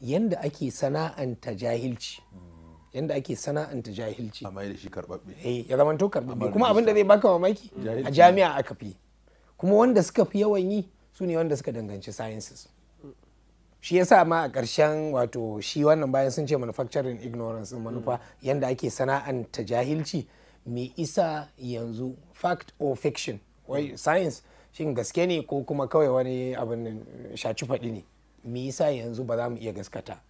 yanda ake sana'anta jahilci yanda ake sana'anta jahilci mai da shi karbabbe eh ya zamanto karbabbe kuma abin da zai baka mamaki a jami'a aka fi kuma wanda suka fi yawan yi su ne wanda suka danganci sciences shi ya sa ma a karshen wato shi wannan bayan sun ce manufacturing ignorance manufa yanda ake sana'anta jahilci me isa yanzu fact or fiction wai science shin gaske ne ko kuma kawai wani abin shaci faɗi ne me yasa yanzu ba za mu iya gaskata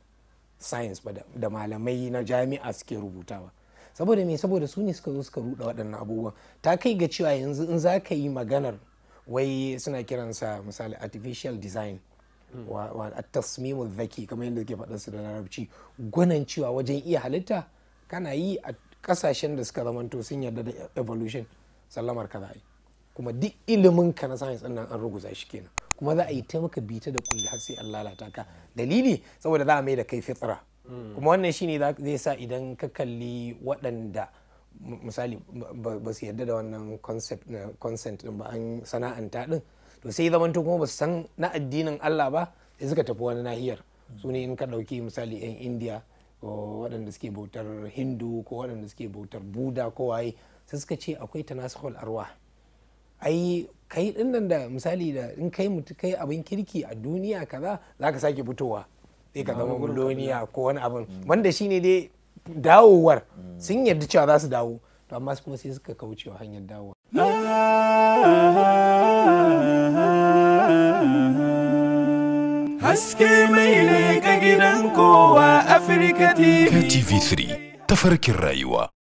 science ba da malamai na jami'a suke rubutawa saboda me saboda su ne suka zo suka ruda waɗannan abubuwan ta kai ga cewa yanzu in za ka yi maganar wai suna kiransa misali artificial design hmm. wa tasmimu zaki kamar yadda suke faɗa su da larabci gwanan cewa wajen iya halitta kana yi a kasashen da suka to sun yarda da evolution sallamar ka kuma duk ilimin ka na science nan an ruguza shi kenan kuma za a yi ta maka bita da kulli har sai an lalata ka dalili saboda za a mai da kai fitra kuma wannan shine zai sa idan ka kalli waɗanda misali ba su yarda da wannan concept na consent ba an sana'anta din to sai zaman zamanto kuma ba su san na addinin Allah ba sai suka tafi wani nahiyar su ne in ka ɗauki misali 'yan indiya waɗanda suke bautar hindu ko waɗanda suke bautar buda ko waye sai suka ce akwai tanasihul arwa ai kai din nan da misali da in kai mutu kai abin kirki a duniya kaza za zaka sake fitowa sai ka zama gundoniya ko wani abin mm. wanda shine dai dawowar mm. sun yarda cewa za su dawo to amma kuma sai suka kaucewa hanyar dawowa haske mai ne ga gidan kowa afirka tv3 tafarkin rayuwa